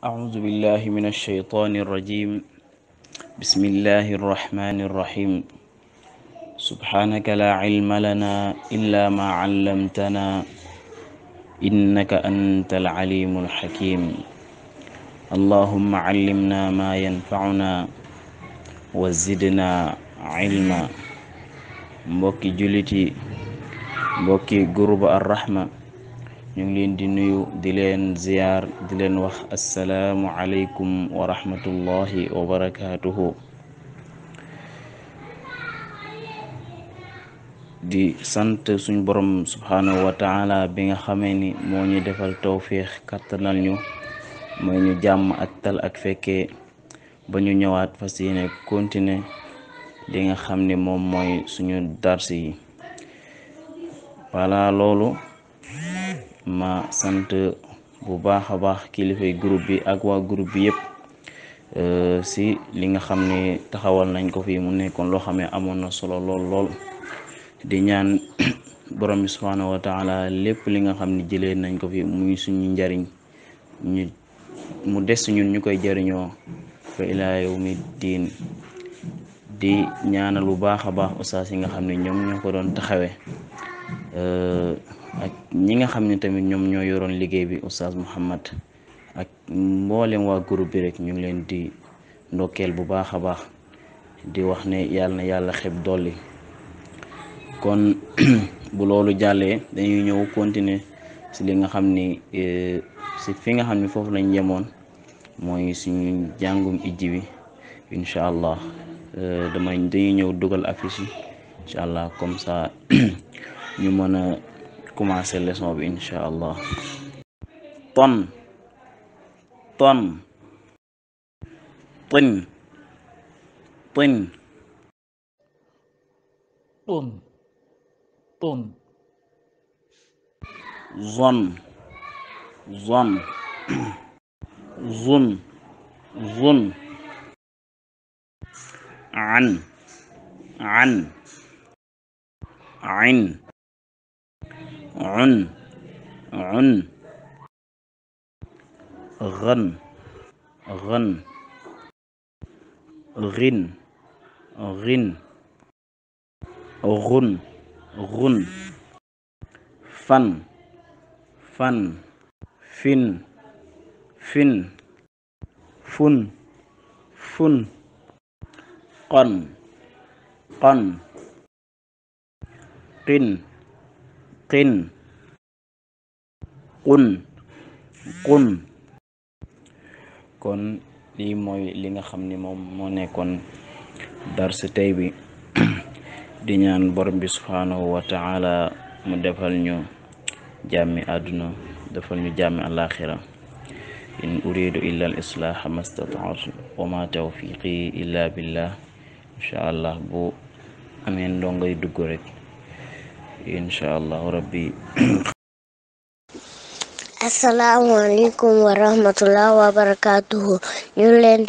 أعوذ بالله من الشيطان الرجيم بسم الله الرحمن الرحيم سبحانك لا علم لنا إلا ما علمتنا إنك أنت العليم الحكيم اللهم علمنا ما ينفعنا وزدنا علما بوكي julliti بوكي groupe الرحمه ñu ngi leen di nuyu di leen ziyaar di leen wax assalaamu aleykum wa rahmatullahi wa barakaatuhu di sant suñ borom subhaanahu wa bi nga xamee ni moo ñu defal tawfiix kattanal ñu mooy ñu jàmm ak tal ak fekkee ba ñu ñëwaat fas yéene continuer di nga xam ni moom mooy suñu dars yi loolu ma sant bu baax a baax kilifay group bi ak waa groupe bi yëpp euh, si li nga xam ne taxawal nañ ko fii mu nekkoon loo xam ne amoon na solo lool lool di ñaan borom bi subhaanahu wa lépp li nga xam ni jëlee nañ ko fi muy suñu njariñ ñu mu des ñun ñu koy jëriñoo fa ilaa yawmi diin di ñaanal bu baax a baax ustaas yi nga xam ne ñoom ñoo ko doon taxawee euh, ak ñi nga xam ne tamit ñoom ñoo yoroon liggéey bi oustaz Mouhamed ak mbooleem waa groupe bi rek ñu ngi leen di ndokkeel bu baax a baax di wax ne yàlla na yàlla xeb dolli kon bu loolu jàllee dañuy ñëw continuer si li nga xam ni e, si fi nga xam ni foofu lañ yemoon mooy suñu jàngum ijji bi incha allah e, dama dañuy ñëw dugal affiche yi allah comme ça ñu mën commencé les mots, inshallah. Ton. Ton. Ton. Ton. Ton. Ton. Zon. Zon. Zon. Zon. An. An. Ein. عن عن غن غن غن غن غن غن فن فن فن فن فن فن قن قن قن قن qun kon lii mooy li nga xam ni moom moo nekkoon darsi tey bi di ñaan borom bi subhaanahu wa taala mu defal ñu jàmmi àdduna defal ñu jàmmi alaxira in uridu illa al islaaha mastataatu tawfiqi illa billah incha allah bu ameen ndongoy dugg rek إن شاء الله ربي السلام عليكم ورحمة الله وبركاته barakatuhu. New land,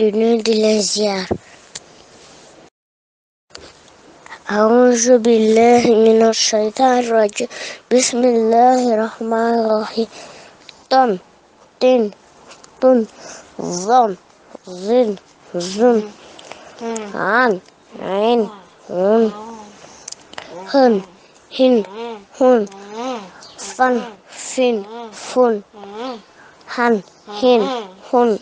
أعوذ بالله من الشيطان الرجيم بسم الله الرحمن الرحيم طن تن طن ظن ظن ظن عن عين عن هن hin, hun, fun, fin, fun, han, hin, hun.